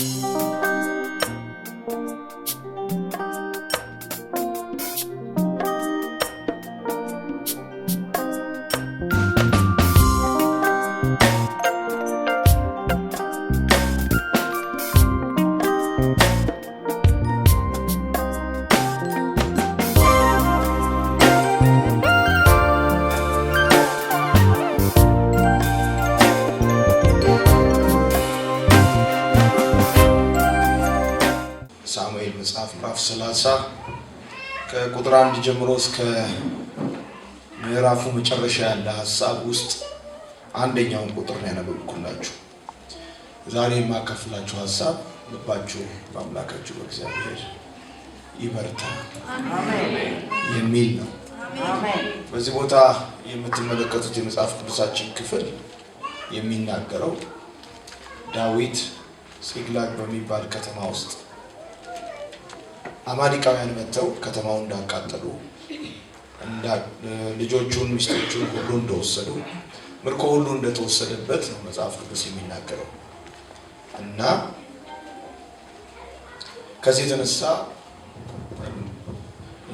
Música ጀምሮ እስከ ምዕራፉ መጨረሻ ያለ ሀሳብ ውስጥ አንደኛውን ቁጥር ነው ያነበብኩላችሁ። ዛሬ የማካፍላችሁ ሀሳብ ልባችሁ በአምላካችሁ በእግዚአብሔር ይበርታ የሚል ነው። በዚህ ቦታ የምትመለከቱት የመጽሐፍ ቅዱሳችን ክፍል የሚናገረው ዳዊት ሲግላግ በሚባል ከተማ ውስጥ አማሊቃውያን መጥተው ከተማውን እንዳቃጠሉ ልጆቹን፣ ሚስቶቹን ሁሉ እንደወሰዱ ምርኮ ሁሉ እንደተወሰደበት ነው መጽሐፍ ቅዱስ የሚናገረው እና ከዚህ የተነሳ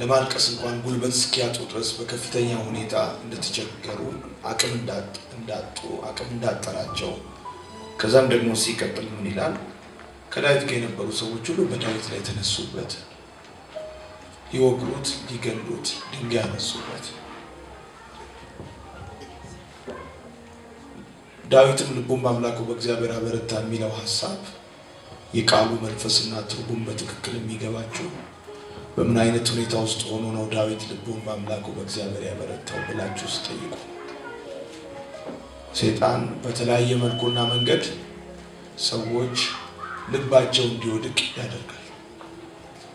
ለማልቀስ እንኳን ጉልበት እስኪያጡ ድረስ በከፍተኛ ሁኔታ እንደተቸገሩ አቅም እንዳጡ አቅም እንዳጠራቸው ከዛም ደግሞ ሲቀጥል ምን ይላል? ከዳዊት ጋር የነበሩ ሰዎች ሁሉ በዳዊት ላይ የተነሱበት ሊወግሩት፣ ሊገሉት ድንጋይ ያነሱበት። ዳዊትም ልቡን በአምላኩ በእግዚአብሔር አበረታ የሚለው ሀሳብ የቃሉ መንፈስና ትርጉም በትክክል የሚገባቸው በምን አይነት ሁኔታ ውስጥ ሆኖ ነው ዳዊት ልቡን በአምላኩ በእግዚአብሔር ያበረታው ብላችሁ ውስጥ ጠይቁ። ሴጣን በተለያየ መልኩና መንገድ ሰዎች ልባቸው እንዲወድቅ ያደርጋል።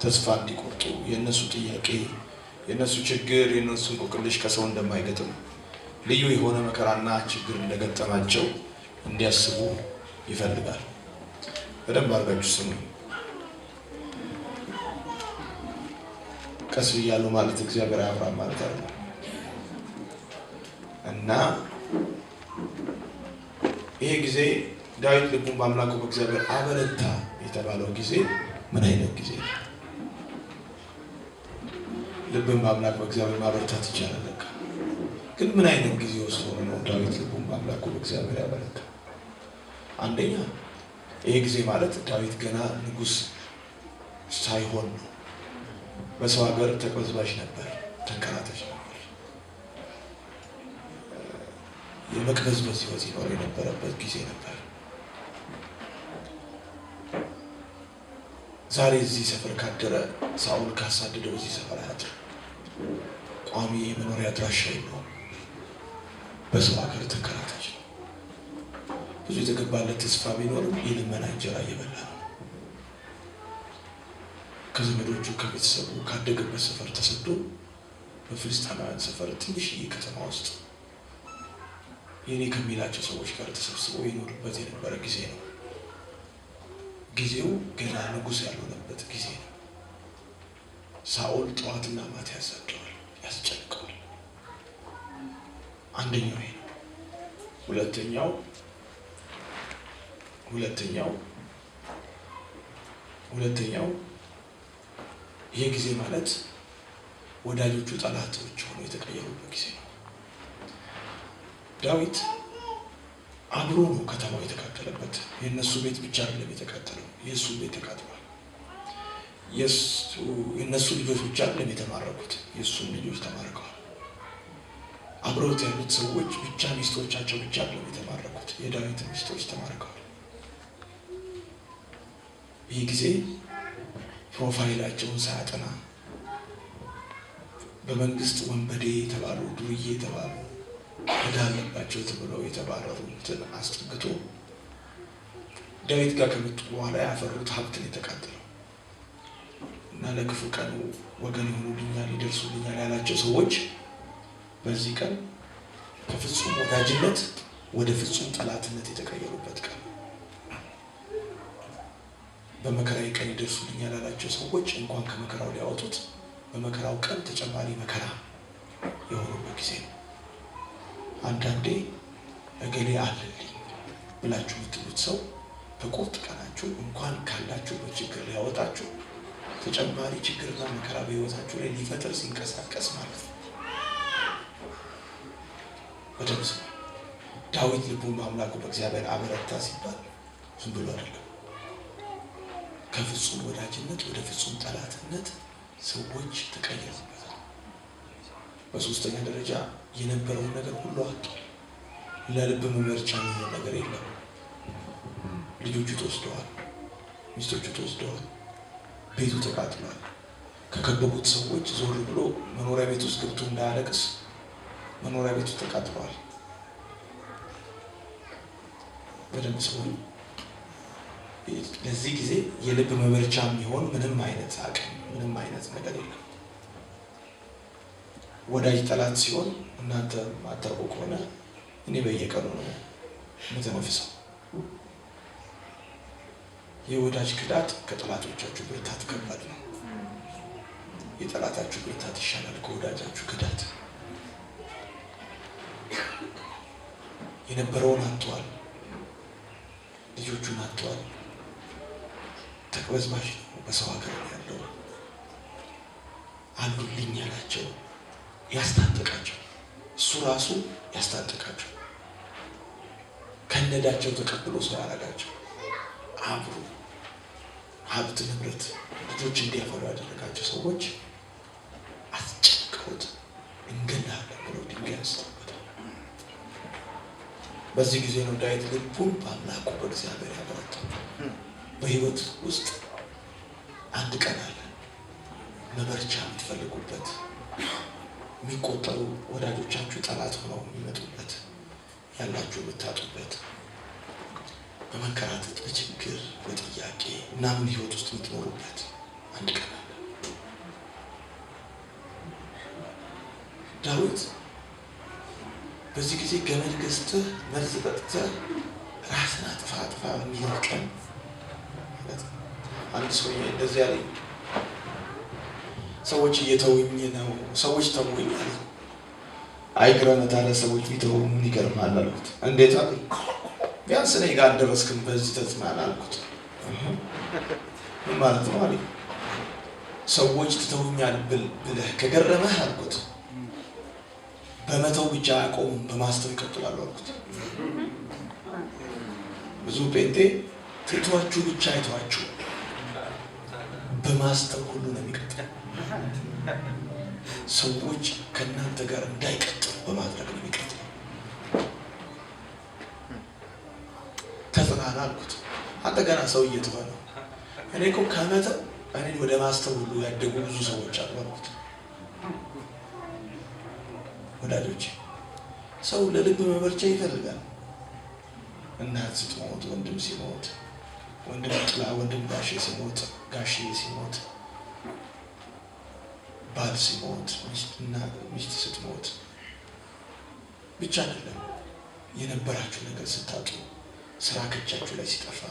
ተስፋ እንዲቆርጡ የእነሱ ጥያቄ፣ የእነሱ ችግር፣ የእነሱ እንቆቅልሽ ከሰው እንደማይገጥም ልዩ የሆነ መከራና ችግር እንደገጠማቸው እንዲያስቡ ይፈልጋል። በደንብ አርጋችሁ ስሙ። ቀስ እያሉ ማለት እግዚአብሔር አያፍራም ማለት አለ እና ይሄ ጊዜ ዳዊት ልቡን በአምላኩ በእግዚአብሔር አበረታ የተባለው ጊዜ ምን አይነት ጊዜ ነው? ልብን በአምላክ በእግዚአብሔር ማበርታት ይቻላል። በቃ ግን ምን አይነት ጊዜ ውስጥ ሆኖ ነው ዳዊት ልቡን በአምላኩ በእግዚአብሔር ያበረታ? አንደኛ ይሄ ጊዜ ማለት ዳዊት ገና ንጉሥ ሳይሆን ነው። በሰው ሀገር ተቅበዝባዥ ነበር፣ ተከራተች ነበር። የመቅበዝበዝ ሕይወት ይኖር የነበረበት ጊዜ ነበር። ዛሬ እዚህ ሰፈር ካደረ ሳኦል ካሳደደው እዚህ ሰፈር አያድርም። ቋሚ መኖሪያ አድራሻ የለውም። በሰው ሀገር ተከራታች ነው። ብዙ የተገባለት ተስፋ ቢኖርም የልመና እንጀራ እየበላ ነው። ከዘመዶቹ ከቤተሰቡ ካደገበት ሰፈር ተሰዶ በፍልስጤማውያን ሰፈር ትንሽዬ ከተማ ውስጥ የኔ ከሚላቸው ሰዎች ጋር ተሰብስበው የኖሩበት የነበረ ጊዜ ነው። ጊዜው ገና ንጉሥ ያልሆነበት ጊዜ ነው። ሳኦል ጠዋትና ማታ ያሳድረዋል፣ ያስጨንቀዋል። አንደኛው ይሄ ነው። ሁለተኛው ሁለተኛው ሁለተኛው ይሄ ጊዜ ማለት ወዳጆቹ ጠላቶች ሆኖ የተቀየሩበት ጊዜ ነው። ዳዊት አብሮ ነው ከተማው የተካተለበት። የእነሱ ቤት ብቻ አይደለም የተካተለው፣ የእሱ ቤት ተካትሏል። የእነሱ ልጆች ብቻ ለም የተማረኩት የእሱም ልጆች ተማርከዋል። አብረውት ያሉት ሰዎች ብቻ ሚስቶቻቸው ብቻ ለም የተማረኩት የዳዊት ሚስቶች ተማርከዋል። ይህ ጊዜ ፕሮፋይላቸውን ሳያጠና በመንግስት ወንበዴ የተባሉ ዱርዬ የተባሉ እንዳለባቸው ተብለው የተባረሩትን አስጠግቶ ዳዊት ጋር ከመጡ በኋላ ያፈሩት ሀብትን የተቃጠለው እና ለክፉ ቀኑ ወገን ይሆኑልኛል፣ ይደርሱልኛል ያላቸው ሰዎች በዚህ ቀን ከፍጹም ወዳጅነት ወደ ፍጹም ጠላትነት የተቀየሩበት ቀን። በመከራዊ ቀን ይደርሱልኛል ያላቸው ሰዎች እንኳን ከመከራው ሊያወጡት በመከራው ቀን ተጨማሪ መከራ የሆኑበት ጊዜ ነው። አንዳንዴ እገሌ አለልኝ ብላችሁ የምትሉት ሰው በቁርጥ ቀናችሁ እንኳን ካላችሁበት ችግር ሊያወጣችሁ ተጨማሪ ችግርና መከራ በህይወታችሁ ላይ ሊፈጥር ሲንቀሳቀስ ማለት ነው። ዳዊት ልቡን በአምላኩ በእግዚአብሔር አበረታ ሲባል ዝም ብሎ አይደለም። ከፍጹም ወዳጅነት ወደ ፍጹም ጠላትነት ሰዎች ተቀየሩበታል። በሶስተኛ ደረጃ የነበረውን ነገር ሁሉ አጡ። ለልብ መመርቻ የሚሆን ነገር የለም። ልጆቹ ተወስደዋል። ሚስቶቹ ተወስደዋል። ቤቱ ተቃጥሏል። ከከበቡት ሰዎች ዞር ብሎ መኖሪያ ቤት ውስጥ ገብቶ እንዳያለቅስ መኖሪያ ቤቱ ተቃጥሏል። በደንብ ሰሆን ለዚህ ጊዜ የልብ መበርቻ የሚሆን ምንም አይነት አቅም ምንም አይነት ነገር የለም። ወዳጅ ጠላት ሲሆን እናንተ ማታውቁ ከሆነ እኔ በየቀኑ ነው የምተነፍሰው። የወዳጅ ክዳት ከጠላቶቻችሁ ብርታት ከባድ ነው። የጠላታችሁ ብርታት ይሻላል ከወዳጃችሁ ክዳት። የነበረውን አጥተዋል፣ ልጆቹን አጥተዋል። ተቅበዝባዥ ነው በሰው ሀገር ያለው። አሉልኝ ያላቸው ያስታጠቃቸው፣ እሱ ራሱ ያስታጠቃቸው፣ ከነዳቸው ተቀብሎ ሰው ያረጋቸው አብሮ ሀብት ንብረት ልጆች እንዲያፈሩ ያደረጋቸው ሰዎች አስጨንቀውት እንገላለን ብሎ ድንጋይ አንስተውበታል። በዚህ ጊዜ ነው ዳዊት ልቡን በአምላኩ በእግዚአብሔር ያበረታው። በህይወት ውስጥ አንድ ቀን አለ መበርቻ የምትፈልጉበት የሚቆጠሩ ወዳጆቻችሁ ጠላት ሆነው የሚመጡበት ያላችሁ የምታጡበት በመንከራተት በችግር በጥያቄ ምናምን ህይወት ውስጥ የምትኖሩበት አንድ ቀን አለ። ዳዊት በዚህ ጊዜ ገመድ ገዝተህ መርዝ በጥተህ ራስን አጥፋ አጥፋ በሚል ቀን አንድ ሰው እንደዚህ ያለኝ ሰዎች እየተውኝ ነው፣ ሰዎች ተውኝ አለ። አይ ግረመት አለ። ሰዎች ቢተው ምን ይገርማል አሉት። እንዴት አለ ቢያንስ እኔ ጋር አልደረስክም በዚህ ተጽናና አልኩት። ምን ማለት ነው አለኝ። ሰዎች ትተውኛል ብለህ ከገረመህ አልኩት በመተው ብቻ አያቆሙም፣ በማስተው ይቀጥላሉ አልኩት። ብዙ ጴንጤ ትቷችሁ ብቻ አይተዋችሁ በማስተው ሁሉ ነው የሚቀጥለው። ሰዎች ከእናንተ ጋር እንዳይቀጥሉ በማድረግ ነው የሚቀጥለው። አልኩት። አንተ ገና ሰው ነው እኔ እኮ ከመተ እኔን ወደ ማስተር ሁሉ ያደጉ ብዙ ሰዎች አሉ አልኩት። ወዳጆች ሰው ለልብ መመርጫ ይፈልጋል። እናት ስትሞት፣ ወንድም ሲሞት፣ ወንድም ጥላ፣ ወንድም ጋሼ ሲሞት፣ ጋሼ ሲሞት፣ ባል ሲሞት፣ ሚስት ስትሞት ብቻ አይደለም የነበራችሁ ነገር ስታጡ ስራ ከእጃችሁ ላይ ሲጠፋ፣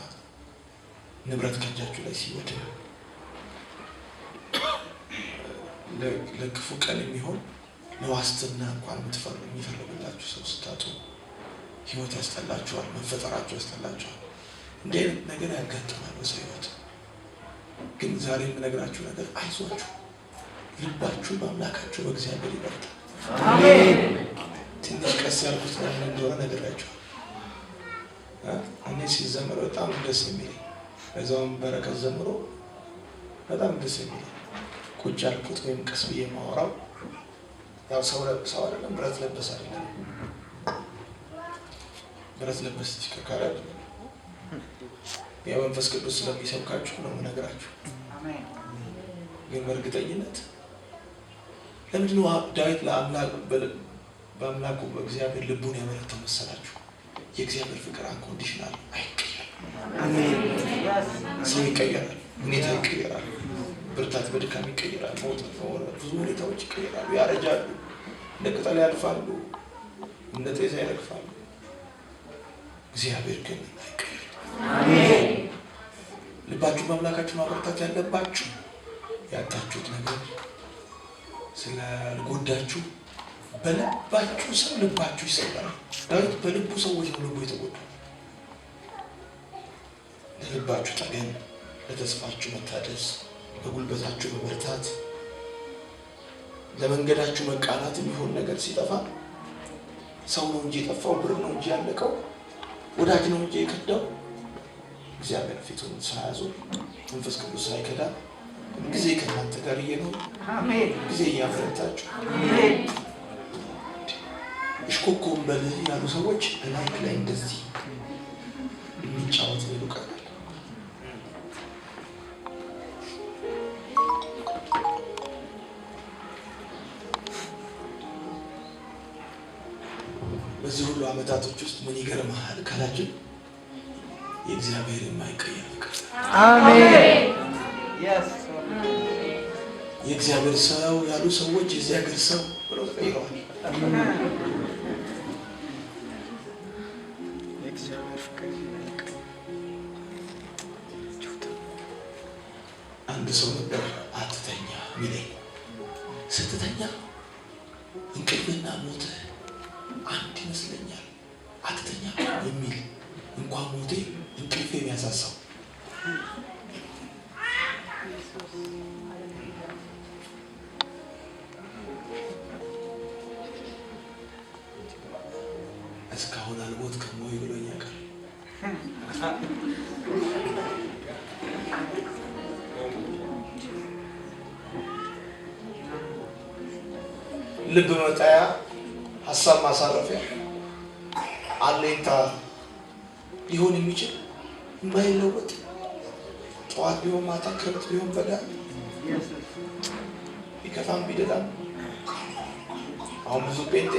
ንብረት ከእጃችሁ ላይ ሲወድም ለክፉ ቀን የሚሆን ለዋስትና እንኳን የምትፈሩ የሚፈልጉላችሁ ሰው ስታጡ ህይወት ያስጠላችኋል፣ መፈጠራችሁ ያስጠላችኋል። እንዲህ አይነት ነገር ያጋጥማል በሰው ህይወት። ግን ዛሬ የምነግራችሁ ነገር አይዟችሁ፣ ልባችሁ በአምላካችሁ በእግዚአብሔር ይበርታል። ትንሽ ቀስ ያልኩት ነገር እንደሆነ ነግራችኋል። እኔ ሲዘምር በጣም ደስ የሚል በዛውም በረከት ዘምሮ በጣም ደስ የሚል ቁጭ ያልኩት ወይም ቀስ ብዬ ያው ሰው ለብሰው አይደለም ብረት ለበስ አይደለም ብረት ለበስ ተሽከርካሪ አይደለም። የመንፈስ ቅዱስ ስለሚሰብካችሁ ነው የምነግራችሁ። ግን በእርግጠኝነት ለምንድነው ዳዊት በአምላኩ በእግዚአብሔር ልቡን ያመለተው መሰላችሁ? የእግዚአብሔር ፍቅር አንኮንዲሽናል አይቀየርም። ሰው ይቀየራል፣ ሁኔታ ይቀየራል፣ ብርታት በድካም ይቀየራል፣ መውጣት ብዙ ሁኔታዎች ይቀየራሉ፣ ያረጃሉ፣ እንደ ቅጠል ያልፋሉ፣ እንደ ጤዛ ይረግፋሉ። እግዚአብሔር ግን አይቀየርም። ልባችሁ በአምላካችሁ ማበርታት ያለባችሁ ያጣችሁት ነገር ስለጎዳችሁ በልባችሁ ሰው ልባችሁ ይሰበራል። ዳዊት በልቡ ሰዎች ነው ልቡ የተጎዱ። ለልባችሁ ጠገን፣ ለተስፋችሁ መታደስ፣ ለጉልበታችሁ መበርታት፣ ለመንገዳችሁ መቃናት የሚሆን ነገር ሲጠፋ ሰው ነው እንጂ የጠፋው፣ ብር ነው እንጂ ያለቀው፣ ወዳጅ ነው እንጂ የከዳው፣ እግዚአብሔር ፊቱን ሳያዞ መንፈስ ቅዱስ ሳይከዳ ጊዜ ከእናንተ ጋር እየኖር ጊዜ እያበረታችሁ ኮኮም በልህ ያሉ ሰዎች ላይክ ላይ እንደዚህ የሚጫወት ሌሉ ቀላል በዚህ ሁሉ አመታቶች ውስጥ ምን ይገርመሃል ካላችን የእግዚአብሔር የማይቀየር ፍቅር። አሜን። የእግዚአብሔር ሰው ያሉ ሰዎች የዚህ ሀገር ሰው ብለው ተቀይረዋል። አትተኛ የሚል እንኳን ሞቴ እንቅልፍ የሚያሳሳው እስካሁን አልሞት ከሞይ ልብ መጣያ ሀሳብ ማሳረፊያ አለኝታ ሊሆን የሚችል የማይለወጥ ጠዋት ቢሆን ማታ፣ ከብት ቢሆን በዳ ቢከፋም ቢደላም አሁን ብዙ ጴንጤ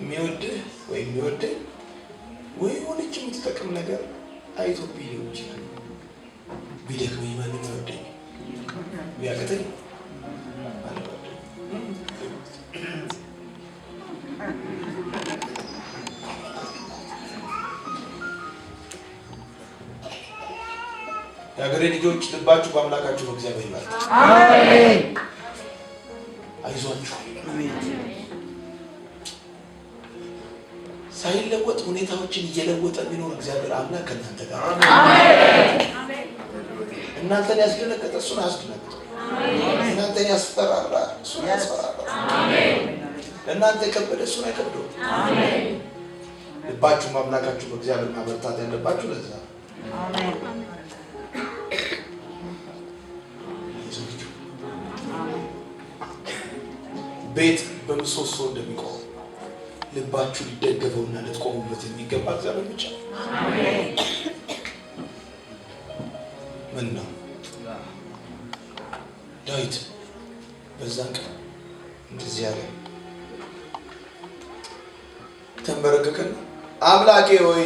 የሚወድህ ወይ የሚወደኝ ወይ የሆነች የምትጠቅም ነገር አይቶ ሊሆን ይችላል። ቢደክመኝ ማንም አይወደኝ ቢያቅተኝ የሀገሬ ልጆች ልባችሁ በአምላካችሁ በእግዚአብሔር ይባል። አይዟችሁ። ሳይለወጥ ሁኔታዎችን እየለወጠ የሚኖር እግዚአብሔር አምላክ ከእናንተ ጋር። እናንተን ያስደነገጠ እሱን አያስደነግጠ፣ እናንተን ያስፈራራ እሱን ያስፈራራ፣ ለእናንተ የከበደ እሱን አይከብደው። ልባችሁ በአምላካችሁ በእግዚአብሔር ማበርታት ያለባችሁ ለዛ ቤት በምሰሶ እንደሚቆም ልባችሁ ሊደገፈውና ልትቆሙበት የሚገባ እግዚአብሔር ብቻ ምን ነው ዳዊት በዛን ቀን እንደዚህ ያለ ተንበረከከና አምላኬ ሆይ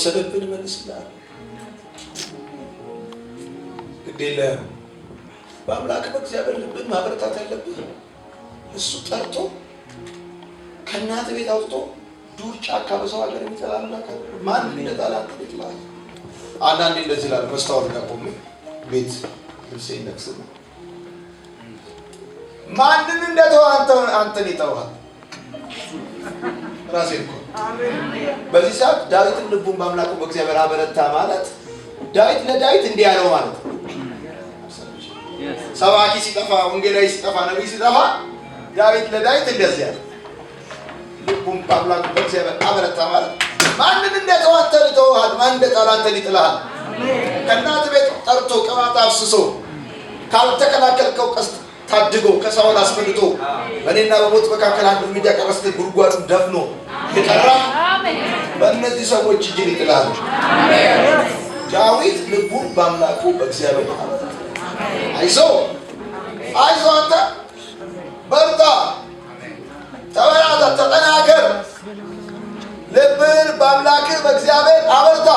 የወሰደብን መልስላል። ግድ የለህም። በአምላክ በእግዚአብሔር ልብን ማበረታት ያለብህ እሱ ጠርቶ ከእናት ቤት አውጥቶ ዱር ጫካ በሰው ሀገር የሚጠላ አምላክ ማን ሊነጣል? አንተ ቤት ላ አንዳንዴ እንደዚህ ላል መስታወት ጋር ቆሜ ቤት ልብሴ ነው ማንን እንደተው አንተን ይጠዋል ራሴ እኮ በዚህ ሰዓት ዳዊትን ልቡን በአምላኩ በእግዚአብሔር አበረታ ማለት ዳዊት ለዳዊት እንዲህ ያለው ማለት ሰባኪ ሲጠፋ፣ ወንጌላዊ ሲጠፋ፣ ነቢይ ሲጠፋ ዳዊት ለዳዊት እንደዚህ ያለ ልቡን በአምላኩ በእግዚአብሔር አበረታ ማለት ማንን እንደተው አንተ ልተውሃል፣ ማን እንደጣል አንተን ይጥልሃል። ከእናት ቤት ጠርቶ ቅባት አፍስሶ ካልተከላከልከው ቀስት ታድጎ ከሳውል አስፈልጦ በእኔና በሞት መካከል አንድ እርምጃ ቀረስ ጉድጓዱን ደፍኖ የቀራ በእነዚህ ሰዎች እጅ ። ይጥላሉ። ዳዊት ልቡን በአምላኩ በእግዚአብሔር አይዞ አይዞ፣ አንተ በርታ፣ ተበራታ፣ ተጠናከር፣ ልብን በአምላክህ በእግዚአብሔር አበርታ።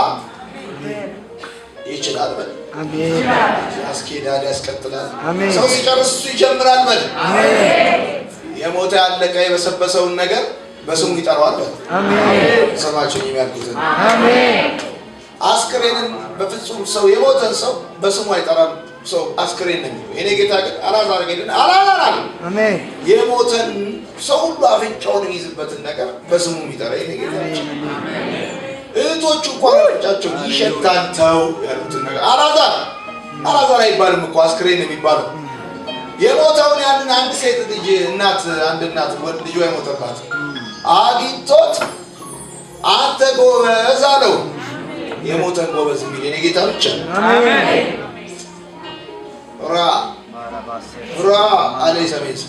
ይችላል በል ያስኬዳል፣ ያስቀጥላል። ሰው ሲጨርስ እሱ ይጀምራል በል። የሞተ ያለቀ የበሰበሰውን ነገር በስሙ ይጠራዋል በል። ሰማችን የሚያልኩትን አስክሬንን በፍጹም ሰው የሞተን ሰው በስሙ አይጠራም። ሰው አስክሬን ነው የሚለው። እኔ ጌታ ግን አላዛር ግን አላላላል የሞተን ሰው ሁሉ አፍንጫውን የሚይዝበትን ነገር በስሙ የሚጠራ እኔ ጌታ እህቶቹ እንኳን ቻቸው ይሸታል ተው ያሉትን ነገር አላዛር አላዛር አይባልም እኮ አስክሬን የሚባለው የሞተውን ያንን አንድ ሴት ልጅ እናት አንድ እናት ወንድ ልጇ የሞተባት አግኝቶት አንተ ጎበዝ አለው። የሞተን ጎበዝ የሚል የኔ ጌታ ብቻ ራ ራ አለ ሰሜስ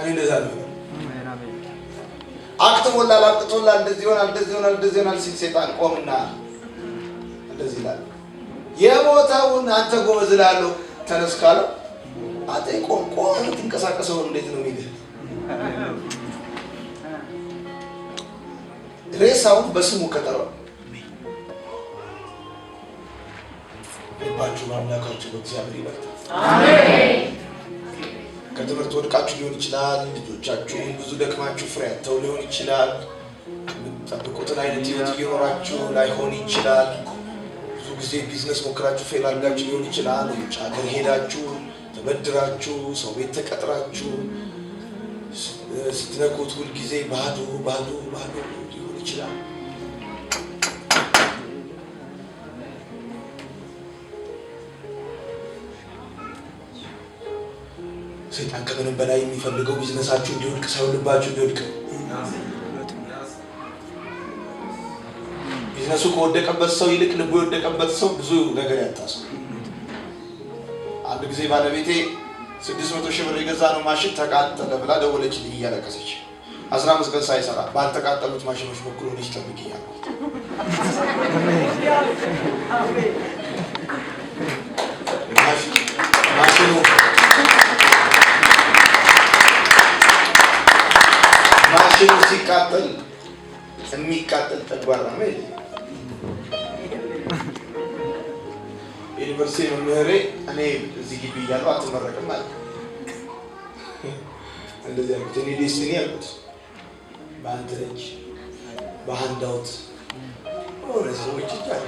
እኔ እንደዛ ነው አቅጥቦላል፣ አቅጥቶላል፣ እንደዚህ ይሆናል፣ እንደዚህ ይሆናል፣ እንደዚህ ይሆናል ሲል ሴጣን ቆምና እንደዚህ ይላል። የሞተውን አንተ ጎበዝ እላለሁ ተነስ ካለው አጤ ቆም ቆም የምትንቀሳቀሰው እንዴት ነው የሚልህ። ሬሳውን በስሙ ከጠራው ልባችሁ በአምላካችሁ በእግዚአብሔር ይበርታል። ከትምህርት ወድቃችሁ ሊሆን ይችላል። ልጆቻችሁን ብዙ ደክማችሁ ፍሬ አተው ሊሆን ይችላል። የምትጠብቁትን አይነት ህይወት እየኖራችሁ ላይሆን ይችላል። ብዙ ጊዜ ቢዝነስ ሞክራችሁ ፌል አድርጋችሁ ሊሆን ይችላል። ውጭ ሀገር ሄዳችሁ ተበድራችሁ ሰው ቤት ተቀጥራችሁ ስትነኩት ሁልጊዜ ባዶ ባዶ ባዶ ሊሆን ይችላል። ሰይጣን ከምንም በላይ የሚፈልገው ቢዝነሳችሁ እንዲወድቅ ሳይሆን ልባችሁ እንዲወድቅ። ቢዝነሱ ከወደቀበት ሰው ይልቅ ልቡ የወደቀበት ሰው ብዙ ነገር ያጣሰው። አንድ ጊዜ ባለቤቴ ስድስት መቶ ሺህ ብር የገዛ ነው ማሽን ተቃጠለ ብላ ልኝ እያለቀሰች። አስራ አምስት ቀን ሳይሰራ ባልተቃጠሉት ማሽኖች በኩል ሆነች ጠብቅ እያልኩት የሚቃጠል ጨጓራማ የለም። ዩኒቨርሲቲ መምህሬ እኔ እዚህ ግቢ እያለሁ አትመረቅም ማለት እንደዚህ ያሉት እኔ ዴስቲኒ ያሉት በአንተ እጅ በሀንዳውት ሆነ ሰዎች ይቻል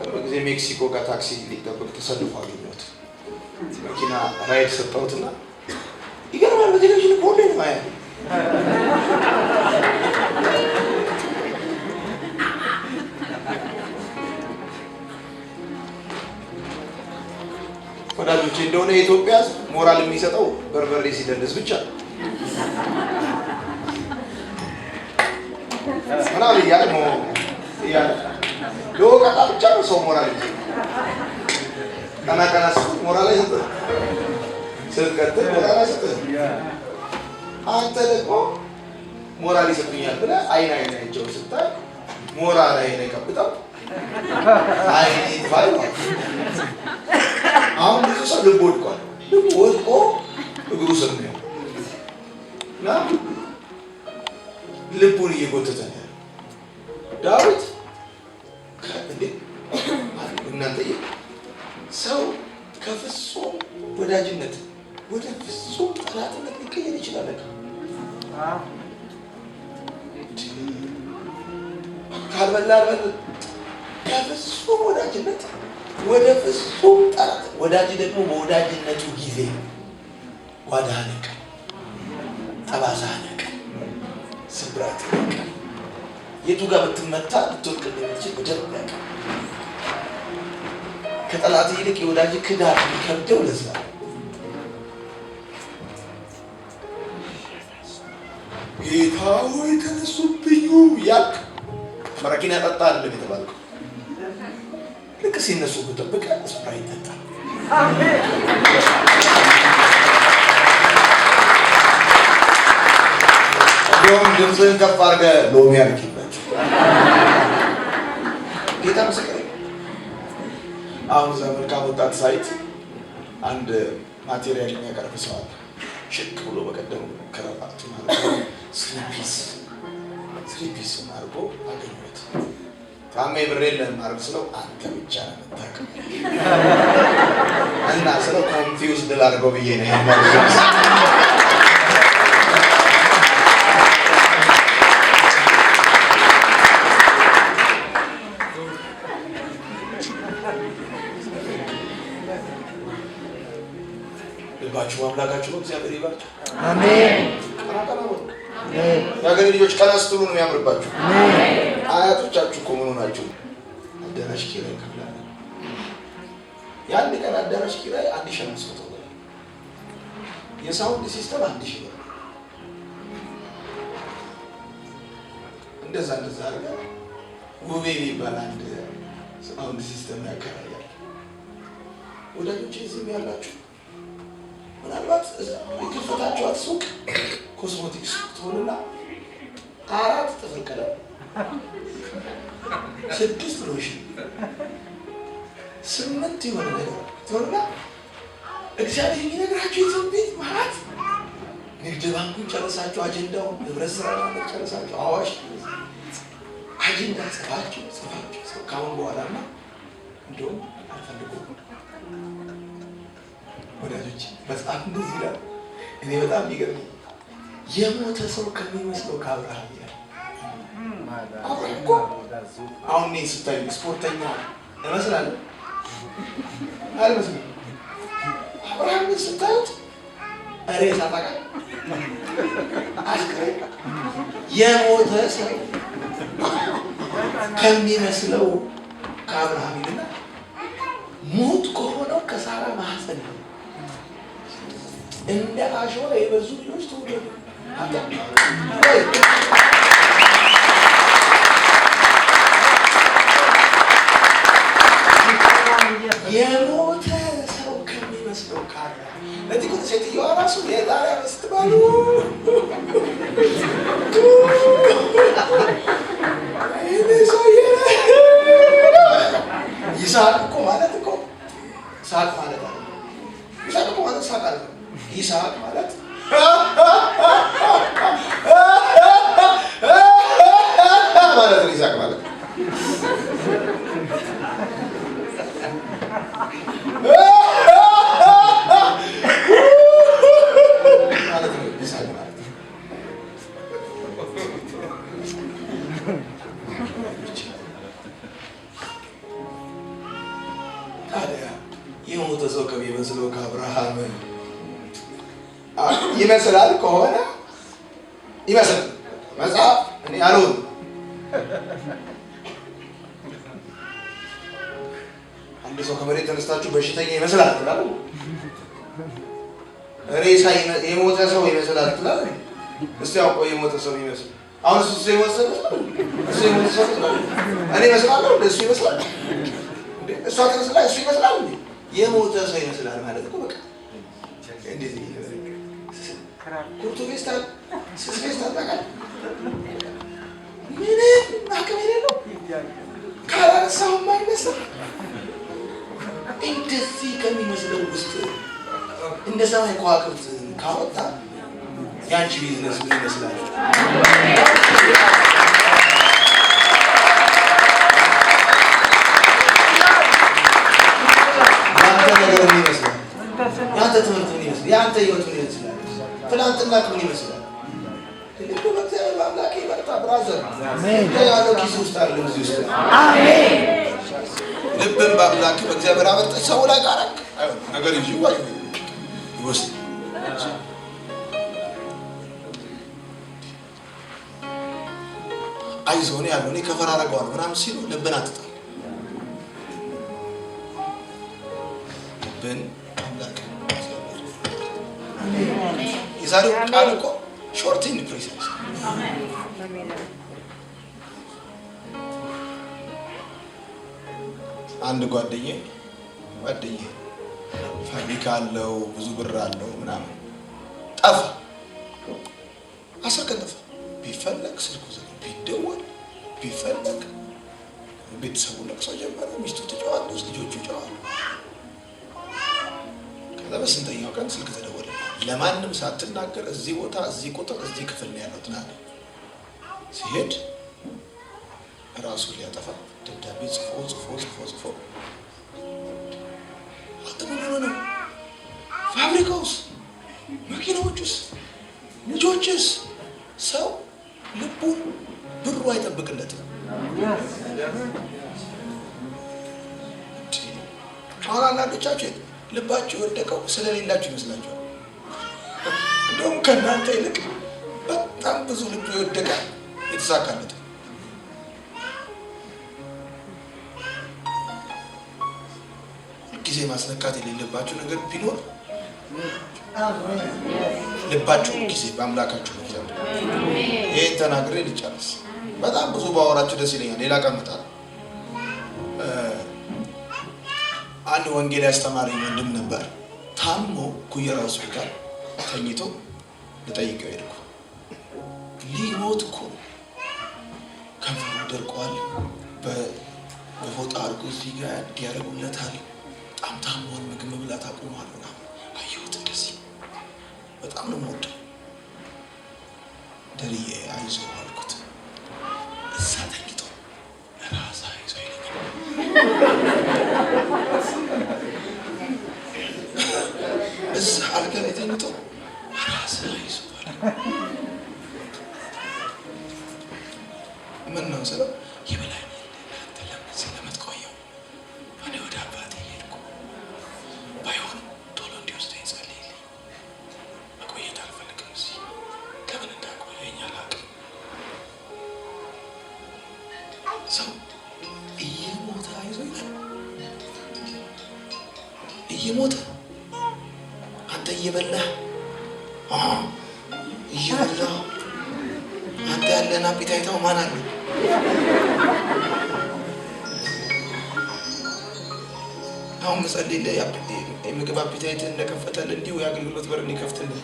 ቅርብ ጊዜ ሜክሲኮ ጋር ታክሲ ሊጠብቅ ተሰልፎ አገኘሁት። መኪና ራይድ ሰጠሁትና ይገርማል። በቴሌቪዥን ከሆነ ማያ ወዳጆች እንደሆነ የኢትዮጵያ ሕዝብ ሞራል የሚሰጠው በርበሬ ሲደንስ ብቻ ምናምን እያለ ነው እያለ ለወቀጣ ብቻ ነው ሰው ሞራል ቀና ቀና ሞራል አይሰጥህም። ስትቀጥል ሞራል አይሰጥህም። አንተ ደግሞ ሞራል ይሰጡኛል ብለህ አይን አይን አይቸው ስታይ ሞራል አይን አይቀብጠው አይን ይጥፋ አሁን ብዙ ሰው ልብ ወድቋል። ልብ ወድቆ እግሩ ስር ነው እና ልቡን እየጎተተ ነው ዳዊት። እናንተ ሰው ከፍጹም ወዳጅነት ወደ ፍጹም ጠላትነት ሊቀየር ይችላል። ካልበላ ከፍጹም ወዳጅነት ወደ ፍጹም ጠላት ወዳጅ ደግሞ በወዳጅነቱ ጊዜ ጓዳ ነቀ፣ ጠባሳ ነቀ፣ ስብራት ነቀ፣ የቱ ጋር ብትመታ ልትወድቅ እንደምትችል በደንብ ያውቃል። ከጠላት ይልቅ የወዳጅ ክዳር ከብደው ለዛ ጌታ ሆይ ተነሱብኝ ያልክ መረኪና ጠጣ አይደለም የተባልከው። ልክ ሲነሱ ብጠብቅ ስፕራ ይጠጣል። እንዲሁም ድምፅህን ከፍ አድርገህ ሎሚ አልኪባቸው ጌታ ምስክር አሁን እዛ መልካም ወጣት ሳይት አንድ ማቴሪያል የሚያቀርብ ሰዋል ሽቅ ብሎ በቀደሙ ከረባት ስሪፒስ ስሪፒስ አድርጎ አገኘት። ታሜ ብሬ ለማድረግ ስለው አንተ ብቻ ነታቅ እና ስለው ኮንፊውዝ ድል ብዬ ነው ያላችሁ አምላካችሁ ነው። እግዚአብሔር ይባርካችሁ። አሜን። የሀገሬ ልጆች ቀና ስትሉ ነው የሚያምርባችሁ። አያቶቻችሁ እኮ ምን ሆናችሁ? አዳራሽ ኪራይ ከፍላለ። የአንድ ቀን አዳራሽ ኪራይ አንድ ሺህ አምስት መቶ የሳውንድ ሲስተም አንድ ሺህ ብር፣ እንደዛ እንደዛ አድርጋ ውቤ የሚባል አንድ ሳውንድ ሲስተም ያከራያል። ወዳጆቼ እዚህም ያላችሁ ምናልባት የከፈታችኋት ሱቅ ኮስሞቲክስ ትሆንና አራት ጥፍር ቀለም፣ ስድስት ሎሽን፣ ስምንት የሆነ ነገር ትሆንና እግዚአብሔር የሚነግራቸው ኢትዮጵያ ማለት ንግድ ባንኩን ጨረሳችሁ፣ አጀንዳውን ንብረት ስራ ጨረሳችሁ፣ አዋሽ አጀንዳ ጽፋችሁ ጽፋችሁ ከአሁን በኋላማ እንደውም አልፈልገውም ወዳጆች መጽሐፍ እንደዚህ ይላል። እኔ በጣም ይገርም የሞተ ሰው ከሚመስለው ከአብርሃም ይላል። አሁን እኔ ስታዩ ስፖርተኛ እመስላለሁ አልመስልም። አብርሃም ስታዩት ሬሳ ታውቃለህ፣ አስክሬ የሞተ ሰው ከሚመስለው ከአብርሃም ይልና ሞት ከሆነው ከሳራ ማህፀን ነው እንደ አሸዋ የበዙ ልጆች ተወለዱ። የሞተ ሰው ከሚመስለው ካራ ለዚህ ግን ሴትዮዋ ራሱ የዛሬ ስትባሉ ይሳቅ እኮ ማለት እኮ ሳቅ ሬሳ የሞተ ሰው ይመስላል ትላል። እስቲ አውቆ የሞተ ሰው ይመስል አሁን እሱ የሞተ ሰው እሱ የሞተ ሰው እኔ እመስላለሁ። እሱ ይመስላል። እሷ ትመስላል። እሱ ይመስላል። የሞተ ሰው ይመስላል ማለት እኮ በቃ እንዴት ኩርቱ ፌስታል ስስ ምንም አቅም የሌለው ካላነሳሁም አይነሳ እንደዚህ ከሚመስለው ውስጥ እንደ ሰማይ ከዋክብት ካወጣ ያንቺ ቢዝነስ ምን ይመስላል? ያንተ ነገር ምን ይመስላል? የአንተ ትምህርት ምን ይመስላል? ያንተ ህይወት ምን ይመስላል? ምን ይመስላል? ልብን በአምላኬ በእግዚአብሔር አበርጠ ሰው ላይ ጋር ነገር ይዤ Muslim. አይዞኔ ያልሆኔ ከፈር አረገዋል ምናምን ሲሉ ልብን አትጣል። ልብን አምላክ የዛሬው ቃል እኮ ሾርቲን ፕሪሰንስ አንድ ጓደኛ ጓደኛ ፋብሪካ አለው፣ ብዙ ብር አለው ምናምን። ጠፋ። አስር ቀን ጠፋ። ቢፈለግ ስልኩ ዘጋ፣ ቢደወል ቢፈለግ ቤተሰቡ ለቅሶ ጀመረ። ሚስቱ ትጨዋለች፣ ልጆቹ ይጨዋሉ። ከዛ በስንተኛው ቀን ስልክ ተደወለ። ለማንም ሳትናገር እዚህ ቦታ እዚህ ቁጥር እዚህ ክፍል ነው ያለው ትናለ። ሲሄድ ራሱ ሊያጠፋ ደብዳቤ ጽፎ ጽፎ ጽፎ ጽፎ ምን ሆነው? ፋብሪካውስ? መኪናዎቹስ? ልጆችስ? ሰው ልቡን ብሩ አይጠብቅለትም። አሁን አንዳንዶቻችሁ ልባችሁ የወደቀው ስለሌላችሁ ይመስላችኋል። እንደውም ከእናንተ ይልቅ በጣም ብዙ ልቡ የወደቀ የተሳካለት ጊዜ ማስነካት የሌለባቸው ነገር ቢኖር ልባቸው ጊዜ በአምላካቸው ነው። ይህን ተናግሬ ልጨርስ። በጣም ብዙ ባወራቸው ደስ ይለኛል። ሌላ ቀምጣል። አንድ ወንጌል ያስተማሪ ወንድም ነበር። ታሞ ኩየራ ሆስፒታል ተኝቶ ልጠይቀው ሄድኩ። ሊሞት እኮ ከንፈሩ ደርቋል። በፎጣ አድርጎ እዚህ ጋር ያደርጉለታል በጣም ምግብ መብላት አቁሟል ምናምን አየሁት። እንደዚህ በጣም ነው የምወደው ደርዬ አይዞህ አልኩት። እዛ ተኝቶ እዛ አልጋ ላይ ተኝቶ አለ። ምን ነው ስለው የምግብ አፒታይት እንደከፈተል እንዲሁ የአገልግሎት በር ይከፍትልን።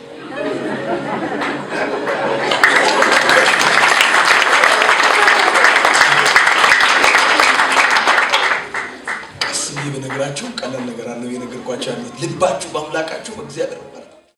ቀስ ብዬ በነገራችሁ ቀላል ነገር አለው የነገርኳቸው ያሉት ልባችሁ በአምላካችሁ በእግዚአብሔር